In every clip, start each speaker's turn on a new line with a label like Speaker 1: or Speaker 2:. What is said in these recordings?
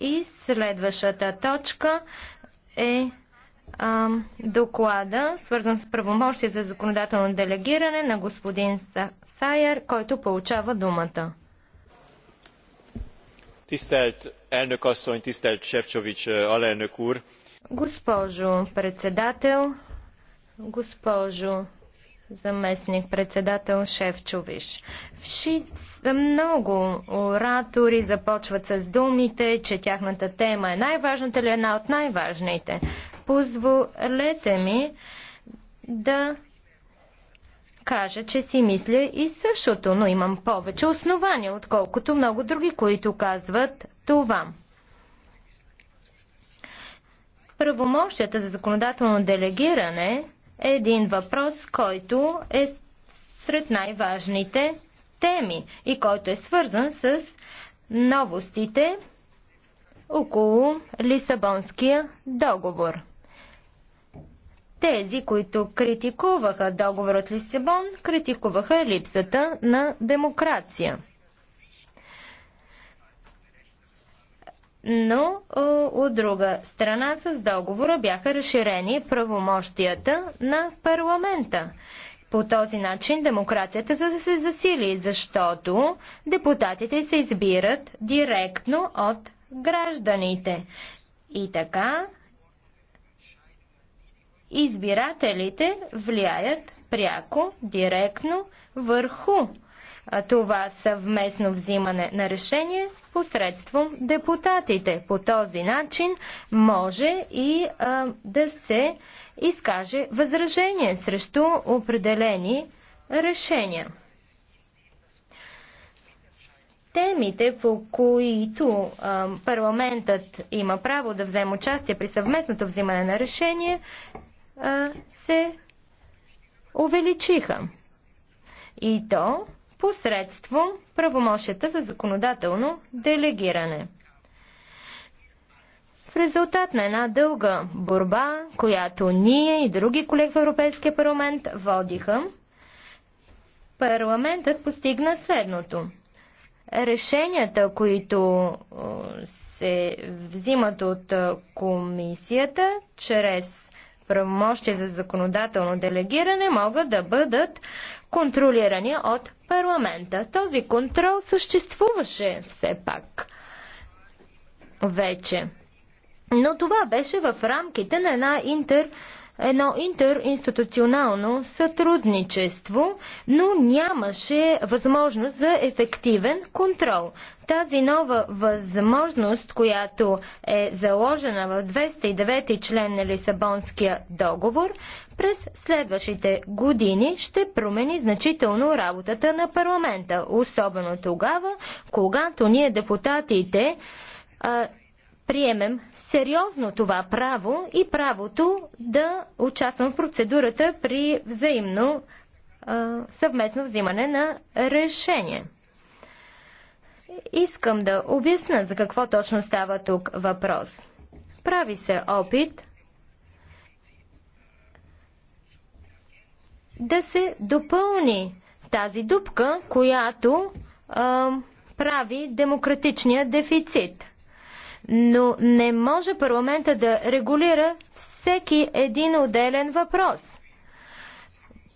Speaker 1: И следващата точка е а, доклада, свързан с правомощие за законодателно делегиране на господин Сайер, който получава думата.
Speaker 2: Тистелт елнök asszony, тистелт Шефчович е, алelnök ур.
Speaker 1: Госпожо председател, госпожо заместник председател Шевчовиш. Вши много оратори започват с думите, че тяхната тема е най-важната или една от най-важните. Позволете ми да кажа, че си мисля и същото, но имам повече основания, отколкото много други, които казват това. Правомощията за законодателно делегиране един въпрос, който е сред най-важните теми и който е свързан с новостите около Лисабонския договор. Тези, които критикуваха договор от Лисабон, критикуваха липсата на демокрация. но от друга страна с договора бяха разширени правомощията на парламента. По този начин демокрацията за се засили, защото депутатите се избират директно от гражданите. И така избирателите влияят пряко, директно върху това съвместно взимане на решение посредством депутатите. По този начин може и а, да се изкаже възражение срещу определени решения. Темите, по които а, парламентът има право да вземе участие при съвместното взимане на решение, а, се увеличиха. И то посредством правомощията за законодателно делегиране. В резултат на една дълга борба, която ние и други колеги в Европейския парламент водиха, парламентът постигна следното. Решенията, които се взимат от комисията чрез правомощия за законодателно делегиране могат да бъдат контролирани от парламента. Този контрол съществуваше все пак вече. Но това беше в рамките на една интер едно интеринституционално сътрудничество, но нямаше възможност за ефективен контрол. Тази нова възможност, която е заложена в 209 член на Лисабонския договор, през следващите години ще промени значително работата на парламента, особено тогава, когато ние депутатите приемем сериозно това право и правото да участвам в процедурата при взаимно а, съвместно взимане на решение. Искам да обясна за какво точно става тук въпрос. Прави се опит да се допълни тази дупка, която а, прави демократичния дефицит – но не може парламента да регулира всеки един отделен въпрос.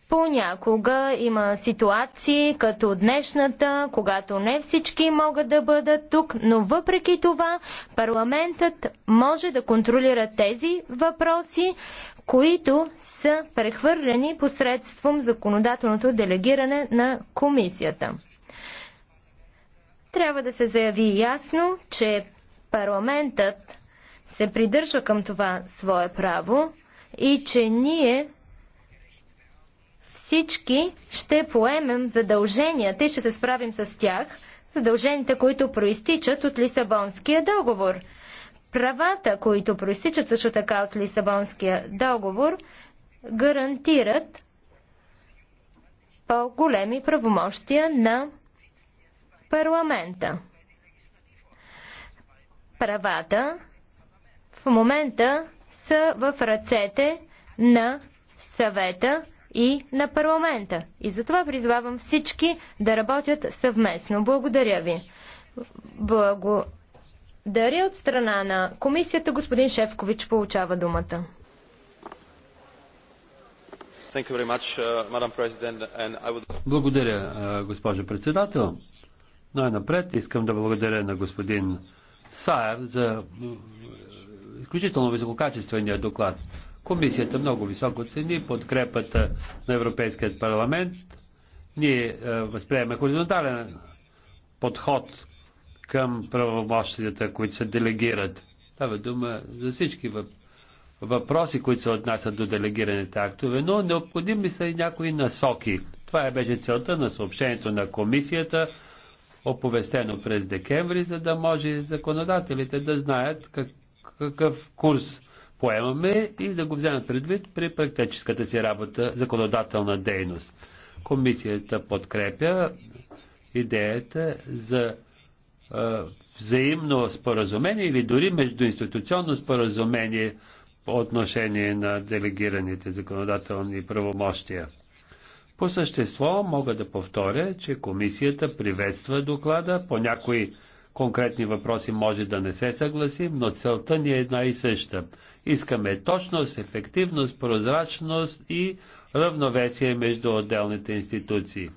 Speaker 1: Понякога има ситуации, като днешната, когато не всички могат да бъдат тук, но въпреки това парламентът може да контролира тези въпроси, които са прехвърлени посредством законодателното делегиране на комисията. Трябва да се заяви ясно, че парламентът се придържа към това свое право и че ние всички ще поемем задълженията и ще се справим с тях, задълженията, които проистичат от Лисабонския договор. Правата, които проистичат също така от Лисабонския договор, гарантират по-големи правомощия на парламента правата в момента са в ръцете на съвета и на парламента. И затова призвавам всички да работят съвместно. Благодаря ви. Благодаря от страна на комисията. Господин Шефкович получава думата.
Speaker 3: Uh, благодаря, uh, госпожо председател. Най-напред искам да благодаря на господин Саер за изключително висококачествения доклад. Комисията много високо цени подкрепата на Европейският парламент. Ние е, възприемаме хоризонтален подход към правомощията, които се делегират. Става дума за всички въпроси, които се отнасят до делегираните актове, но необходими са и някои насоки. Това е беше целта на съобщението на комисията оповестено през декември, за да може законодателите да знаят как, какъв курс поемаме и да го вземат предвид при практическата си работа, законодателна дейност. Комисията подкрепя идеята за взаимно споразумение или дори междуинституционно споразумение по отношение на делегираните законодателни правомощия. По същество мога да повторя, че комисията приветства доклада, по някои конкретни въпроси може да не се съгласим, но целта ни е една и съща. Искаме точност, ефективност, прозрачност и равновесие между отделните институции.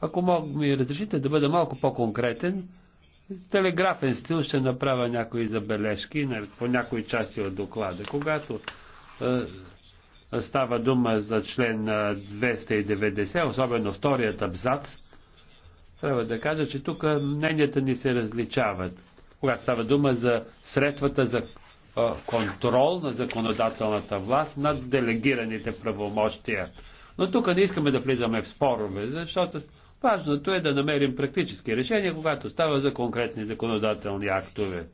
Speaker 3: Ако мога ми разрешите да бъда малко по-конкретен, телеграфен стил ще направя някои забележки по някои части от доклада. Когато е, Става дума за член 290, особено вторият абзац. Трябва да кажа, че тук мненията ни се различават. Когато става дума за средствата за контрол на законодателната власт над делегираните правомощия. Но тук не искаме да влизаме в спорове, защото важното е да намерим практически решения, когато става за конкретни законодателни актове.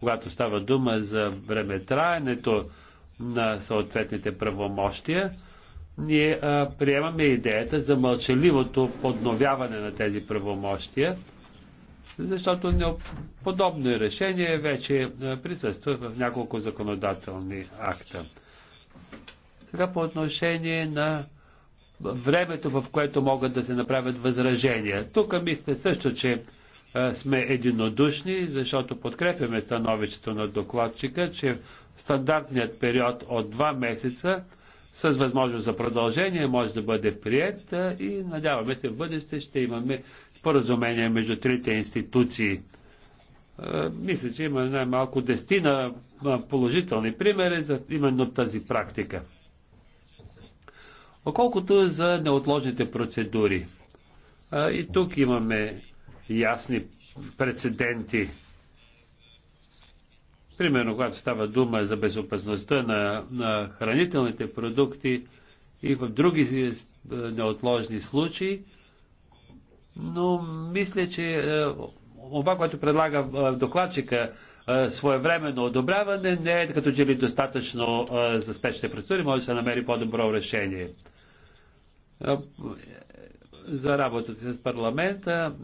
Speaker 3: Когато става дума за времетраенето на съответните правомощия, ние а, приемаме идеята за мълчаливото подновяване на тези правомощия, защото подобно решение вече присъства в няколко законодателни акта. Сега по отношение на времето, в което могат да се направят възражения. Тук мисля също, че а, сме единодушни, защото подкрепяме становището на докладчика, че стандартният период от 2 месеца с възможност за продължение може да бъде прият и надяваме се в бъдеще ще имаме споразумение между трите институции. Мисля, че има най-малко дестина положителни примери за именно тази практика. Околкото за неотложните процедури. И тук имаме ясни прецеденти. Примерно, когато става дума за безопасността на, на хранителните продукти и в други е, е, неотложни случаи, но мисля, че това, е, което предлага докладчика, своевременно одобряване не е като че ли достатъчно за спешните процедури, може да се намери по-добро решение. За работата с парламента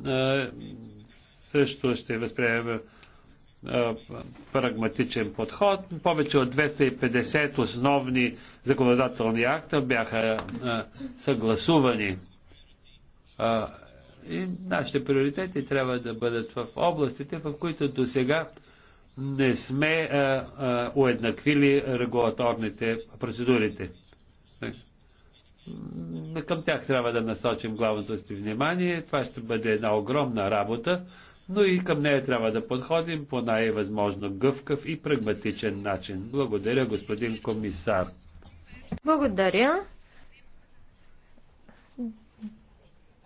Speaker 3: също ще възприемем е, прагматичен подход. Повече от 250 основни законодателни акта бяха е, съгласувани. Е, и нашите приоритети трябва да бъдат в областите, в които до сега не сме уеднаквили регулаторните процедурите. Към тях трябва да насочим главното си внимание. Това ще бъде една огромна работа но и към нея трябва да подходим по най-възможно гъвкав и прагматичен начин. Благодаря, господин комисар.
Speaker 1: Благодаря.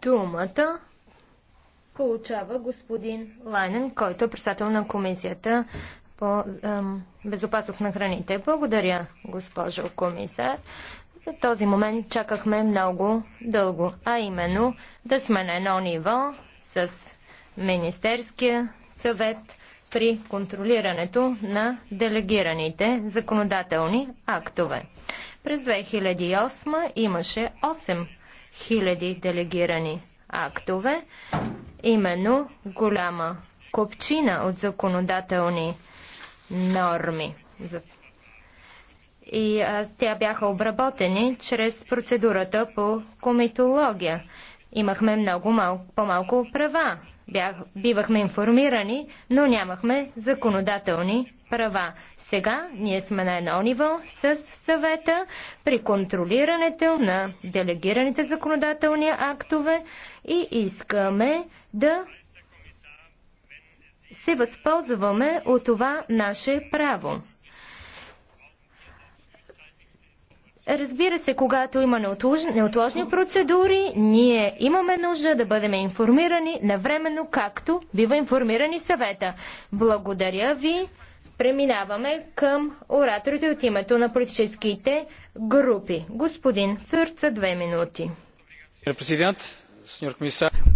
Speaker 1: Думата получава господин Лайнен, който е председател на комисията по ем, безопасност на храните. Благодаря, госпожо комисар. За този момент чакахме много дълго, а именно да сме на едно ниво с Министерския съвет при контролирането на делегираните законодателни актове. През 2008 имаше 8000 делегирани актове, именно голяма копчина от законодателни норми. И а, тя бяха обработени чрез процедурата по комитология. Имахме много мал, по-малко права Бях, бивахме информирани, но нямахме законодателни права. Сега ние сме на едно ниво с съвета при контролирането на делегираните законодателни актове и искаме да се възползваме от това наше право. Разбира се, когато има неотложни процедури, ние имаме нужда да бъдем информирани навременно, както бива информирани съвета. Благодаря ви. Преминаваме към ораторите от името на политическите групи.
Speaker 2: Господин Фюрца, две минути. Президент,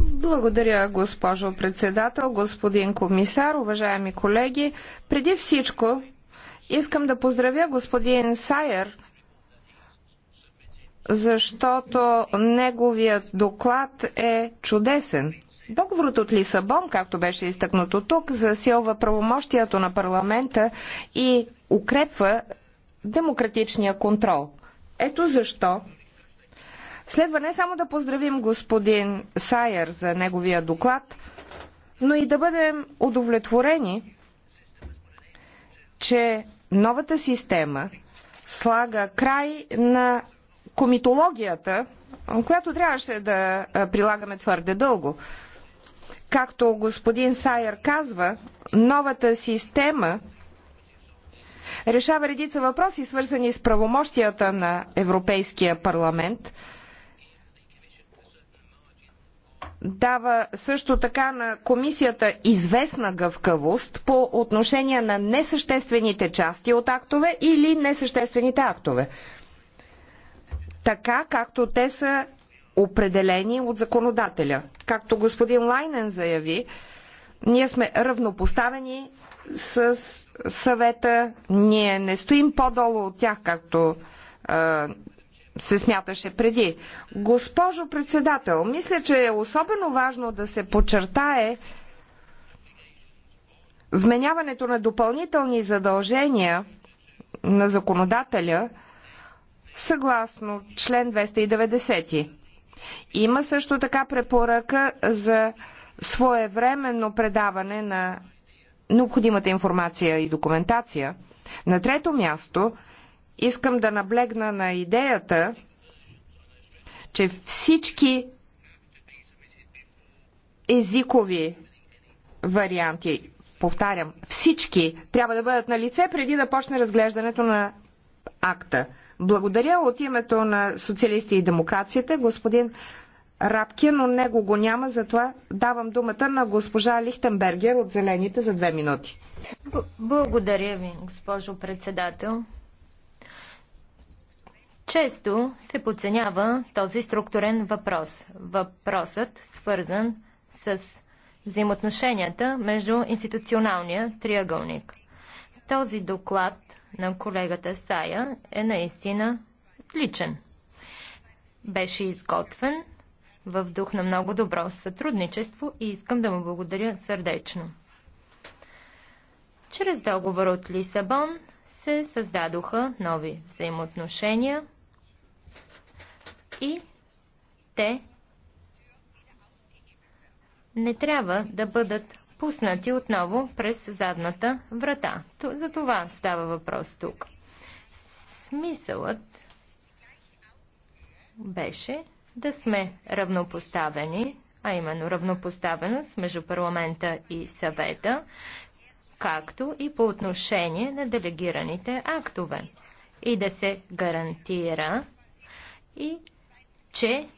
Speaker 2: благодаря, госпожо председател, господин комисар, уважаеми колеги. Преди всичко искам да поздравя господин Сайер защото неговият доклад е чудесен. Договорът от Лисабон, както беше изтъкнато тук, засилва правомощието на парламента и укрепва демократичния контрол. Ето защо следва не само да поздравим господин Сайер за неговия доклад, но и да бъдем удовлетворени, че новата система слага край на комитологията, която трябваше да прилагаме твърде дълго. Както господин Сайер казва, новата система решава редица въпроси, свързани с правомощията на Европейския парламент. Дава също така на комисията известна гъвкавост по отношение на несъществените части от актове или несъществените актове така както те са определени от законодателя. Както господин Лайнен заяви, ние сме равнопоставени с съвета, ние не стоим по-долу от тях, както а, се смяташе преди. Госпожо председател, мисля, че е особено важно да се подчертае вменяването на допълнителни задължения на законодателя – съгласно член 290. Има също така препоръка за своевременно предаване на необходимата информация и документация. На трето място искам да наблегна на идеята, че всички езикови варианти, повтарям, всички трябва да бъдат на лице преди да почне разглеждането на акта. Благодаря от името на социалисти и демокрацията, господин Рапкин, но него го няма, затова давам думата на госпожа Лихтенбергер от Зелените за две минути. Б
Speaker 1: благодаря ви, госпожо председател. Често се подценява този структурен въпрос. Въпросът свързан с взаимоотношенията между институционалния триъгълник – този доклад на колегата Сая е наистина отличен. Беше изготвен в дух на много добро сътрудничество и искам да му благодаря сърдечно. Чрез договор от Лисабон се създадоха нови взаимоотношения и те не трябва да бъдат пуснати отново през задната врата. За това става въпрос тук. Смисълът беше да сме равнопоставени, а именно равнопоставеност между парламента и съвета, както и по отношение на делегираните актове. И да се гарантира и че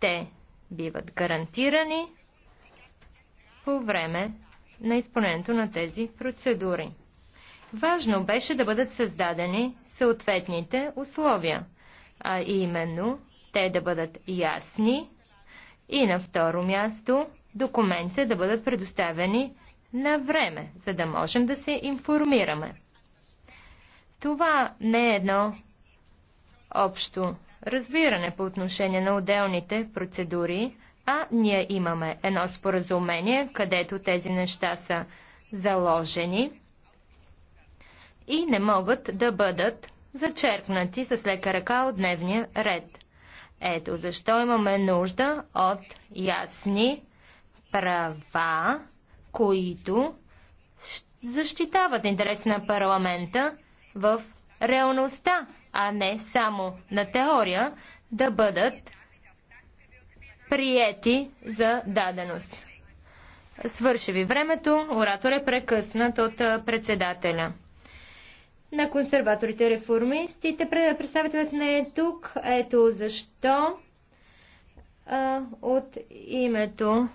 Speaker 1: те биват гарантирани по време на изпълнението на тези процедури. Важно беше да бъдат създадени съответните условия, а именно те да бъдат ясни и на второ място документите да бъдат предоставени на време, за да можем да се информираме. Това не е едно общо разбиране по отношение на отделните процедури, а ние имаме едно споразумение, където тези неща са заложени и не могат да бъдат зачеркнати с лека ръка от дневния ред. Ето защо имаме нужда от ясни права, които защитават интерес на парламента в реалността, а не само на теория да бъдат приети за даденост. Свърши ви времето, оратор е прекъснат от председателя. На консерваторите реформистите представителят не е тук. Ето защо а, от името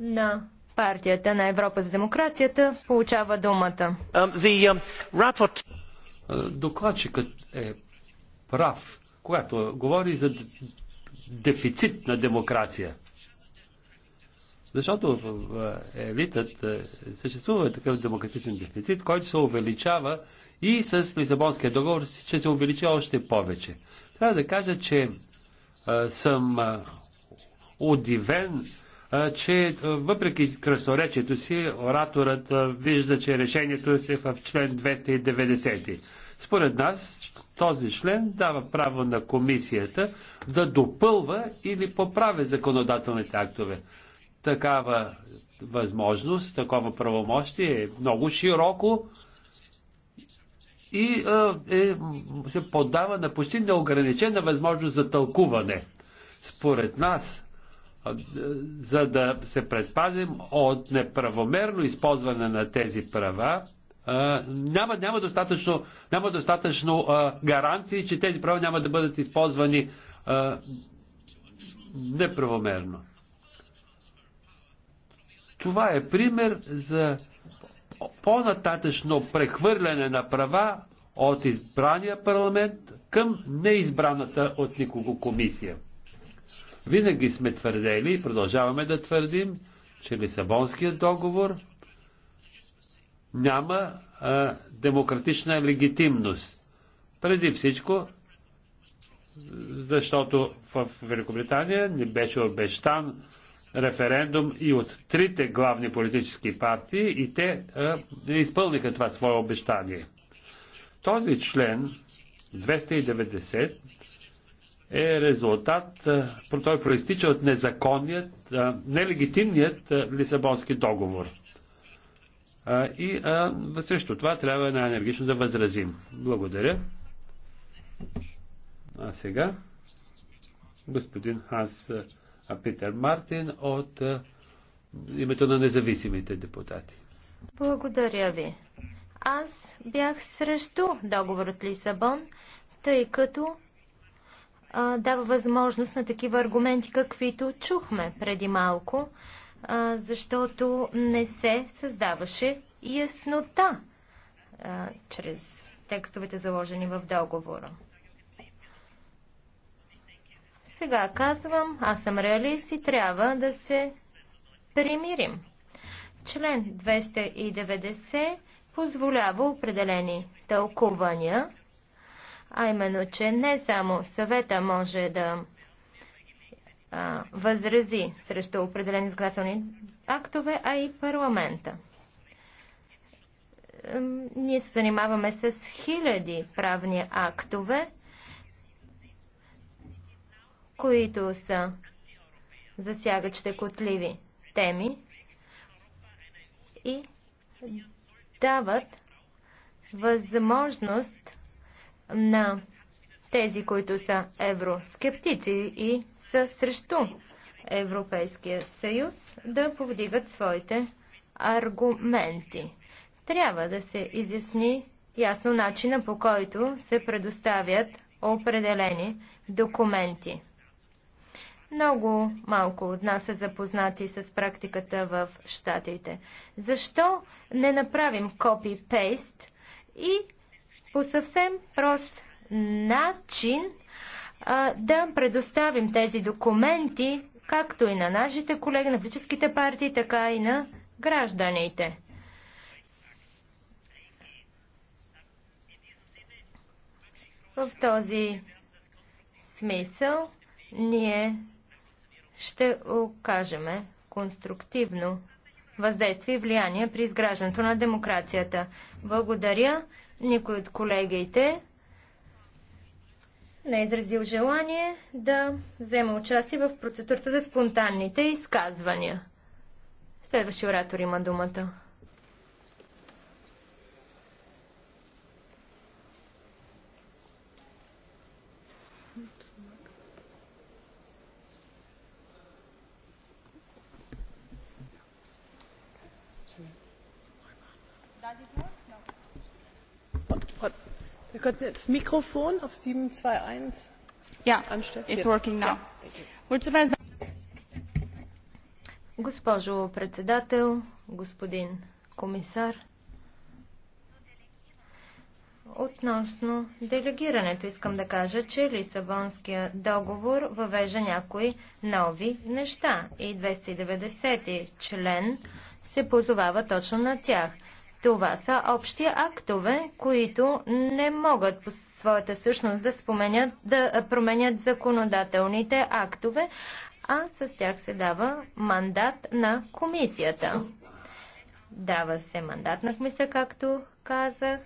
Speaker 1: на партията на Европа за демокрацията получава думата.
Speaker 3: Um, um, Докладчикът е прав, когато говори за дефицит на демокрация. Защото в е, елитът е, съществува такъв демократичен дефицит, който се увеличава и с Лисабонския договор ще се увеличи още повече. Трябва да кажа, че а, е, съм а, удивен, а, че а, въпреки красноречието си, ораторът а, вижда, че решението е в член 290. Според нас този член дава право на комисията да допълва или поправя законодателните актове. Такава възможност, такова правомощие е много широко и е, е, се поддава на почти неограничена възможност за тълкуване. Според нас, за да се предпазим от неправомерно използване на тези права, няма, няма достатъчно, няма достатъчно а, гаранции, че тези права няма да бъдат използвани а, неправомерно. Това е пример за по-нататъчно прехвърляне на права от избрания парламент към неизбраната от никого комисия. Винаги сме твърдели и продължаваме да твърдим, че Лисабонският договор няма а, демократична легитимност. Преди всичко, защото в Великобритания не беше обещан референдум и от трите главни политически партии и те а, не изпълниха това свое обещание. Този член 290 е резултат, а, той проистича от незаконният, а, нелегитимният а, Лисабонски договор. А, и а, срещу това трябва най-енергично да възразим. Благодаря. А сега господин Ханс Питер Мартин от а, името на независимите депутати.
Speaker 1: Благодаря ви. Аз бях срещу договор от Лисабон, тъй като а, дава възможност на такива аргументи, каквито чухме преди малко а, защото не се създаваше яснота а, чрез текстовете заложени в договора. Сега казвам, аз съм реалист и трябва да се примирим. Член 290 позволява определени тълкувания, а именно, че не само съвета може да възрази срещу определени законодателни актове, а и парламента. Ние се занимаваме с хиляди правни актове, които са засягащи котливи теми и дават възможност на тези, които са евроскептици и са срещу Европейския съюз, да повдигат своите аргументи. Трябва да се изясни ясно начина по който се предоставят определени документи. Много малко от нас са запознати с практиката в Штатите. Защо не направим копи-пейст и по съвсем прост начин да предоставим тези документи, както и на нашите колеги, на политическите партии, така и на гражданите. В този смисъл ние ще окажеме конструктивно въздействие и влияние при изграждането на демокрацията. Благодаря никой от колегите не е изразил желание да взема участие в процедурата за спонтанните изказвания. Следващи оратор има думата. Госпожо председател, господин комисар, относно делегирането искам да кажа, че Лисабонския договор въвежда някои нови неща и 290 член се позовава точно на тях – това са общи актове, които не могат по своята същност да, споменят, да променят законодателните актове, а с тях се дава мандат на комисията. Дава се мандат на комисия, както казах.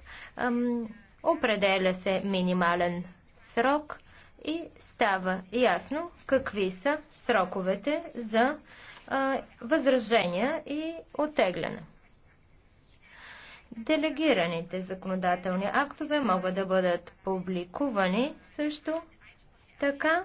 Speaker 1: определя се минимален срок и става ясно какви са сроковете за възражения и отегляне. Делегираните законодателни актове могат да бъдат публикувани също така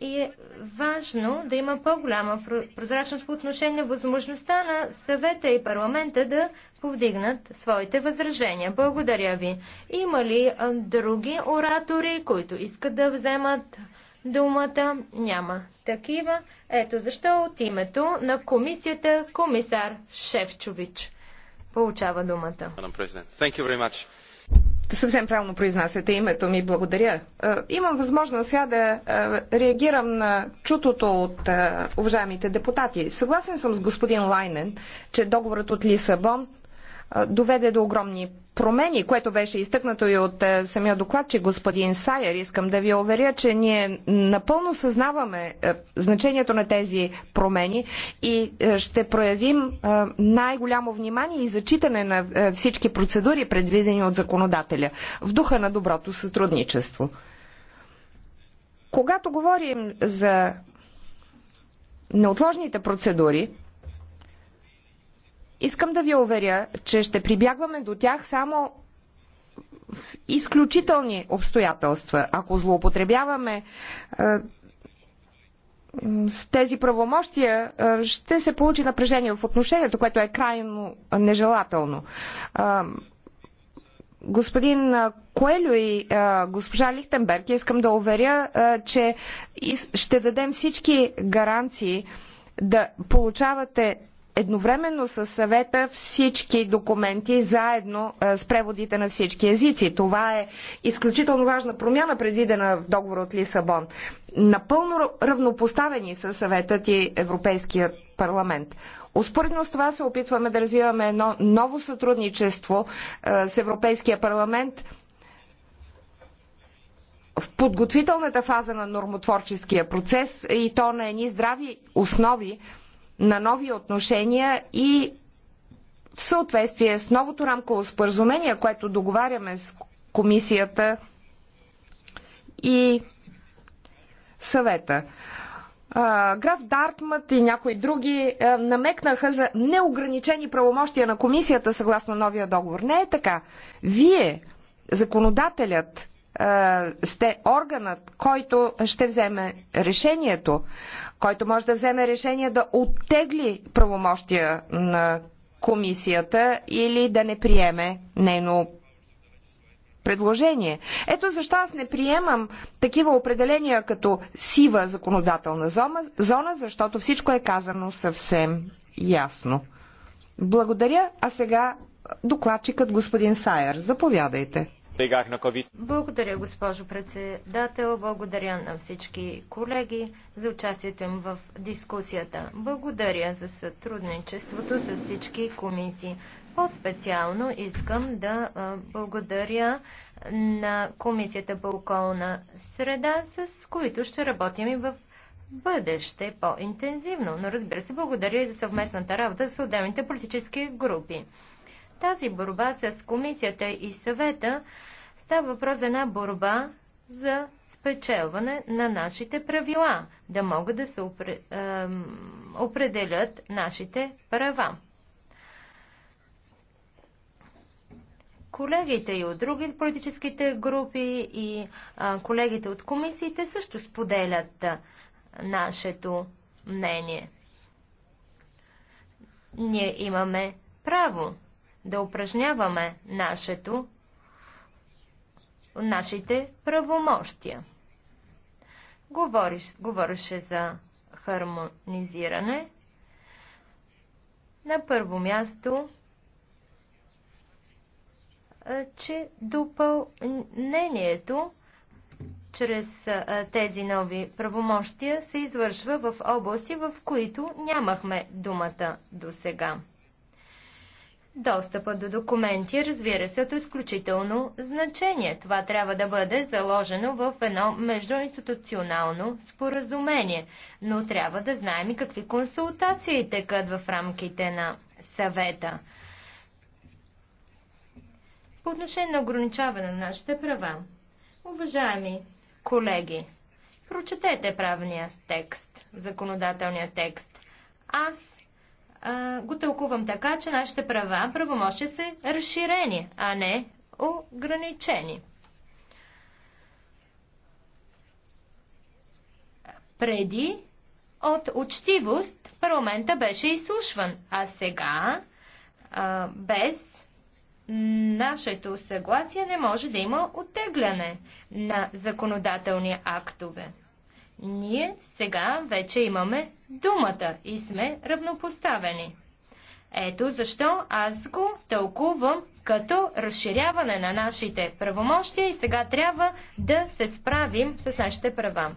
Speaker 1: и е важно да има по-голяма прозрачност по отношение на възможността на съвета и парламента да повдигнат своите възражения. Благодаря ви. Има ли други оратори, които искат да вземат думата? Няма такива. Ето защо от името на комисията комисар
Speaker 2: Шевчович получава думата. Съвсем правилно произнасяте името ми. Благодаря. Е, имам възможност сега да е, реагирам на чутото от е, уважаемите депутати. Съгласен съм с господин Лайнен, че договорът от Лисабон доведе до огромни промени, което беше изтъкнато и от самия доклад, че господин Сайер. Искам да ви уверя, че ние напълно съзнаваме значението на тези промени и ще проявим най-голямо внимание и зачитане на всички процедури, предвидени от законодателя, в духа на доброто сътрудничество. Когато говорим за неотложните процедури, Искам да ви уверя, че ще прибягваме до тях само в изключителни обстоятелства. Ако злоупотребяваме е, с тези правомощия е, ще се получи напрежение в отношението, което е крайно нежелателно. Е, господин Коелю и госпожа Лихтенберг, искам да уверя, че ще дадем всички гаранции да получавате едновременно с съвета всички документи заедно е, с преводите на всички езици. Това е изключително важна промяна, предвидена в договора от Лисабон. Напълно равнопоставени са съветът и Европейският парламент. Успоредно с това се опитваме да развиваме едно ново сътрудничество е, с Европейския парламент в подготвителната фаза на нормотворческия процес и то на едни здрави основи, на нови отношения и в съответствие с новото рамково споразумение, което договаряме с комисията и съвета. Граф Дартмът и някои други намекнаха за неограничени правомощия на комисията съгласно новия договор. Не е така. Вие, законодателят, сте органът, който ще вземе решението, който може да вземе решение да оттегли правомощия на комисията или да не приеме нейно предложение. Ето защо аз не приемам такива определения като сива законодателна зона, защото всичко е казано съвсем ясно. Благодаря, а сега докладчикът господин Сайер. Заповядайте.
Speaker 1: Благодаря, госпожо председател. Благодаря на всички колеги за участието им в дискусията. Благодаря за сътрудничеството с всички комисии. По-специално искам да благодаря на Комисията по околна среда, с които ще работим и в бъдеще по-интензивно. Но разбира се, благодаря и за съвместната работа с отделните политически групи. Тази борба с комисията и съвета става въпрос за една борба за спечелване на нашите правила, да могат да се опре, е, определят нашите права. Колегите и от други политическите групи и а, колегите от комисиите също споделят а, нашето мнение. Ние имаме право да упражняваме нашето, нашите правомощия. Говориш, говореше за хармонизиране. На първо място, че допълнението чрез тези нови правомощия се извършва в области, в които нямахме думата до сега. Достъпа до документи, разбира се, е от изключително значение. Това трябва да бъде заложено в едно междуинституционално споразумение. Но трябва да знаем и какви консултации текат в рамките на съвета. По отношение на ограничаване на нашите права, уважаеми колеги, прочетете правния текст, законодателния текст. Аз го тълкувам така, че нашите права, правомощи са разширени, а не ограничени. Преди от учтивост парламента беше изслушван, а сега а, без нашето съгласие не може да има оттегляне на законодателни актове. Ние сега вече имаме думата и сме равнопоставени. Ето защо аз го тълкувам като разширяване на нашите правомощия и сега трябва да се справим с нашите права.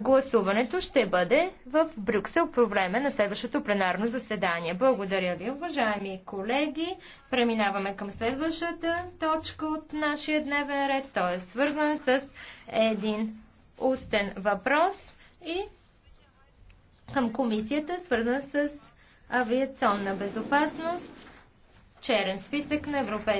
Speaker 1: Гласуването ще бъде в Брюксел по време на следващото пленарно заседание. Благодаря ви, уважаеми колеги. Преминаваме към следващата точка от нашия дневен ред. Той е свързан с един устен въпрос и към комисията, свързан с авиационна безопасност, черен списък на Европейския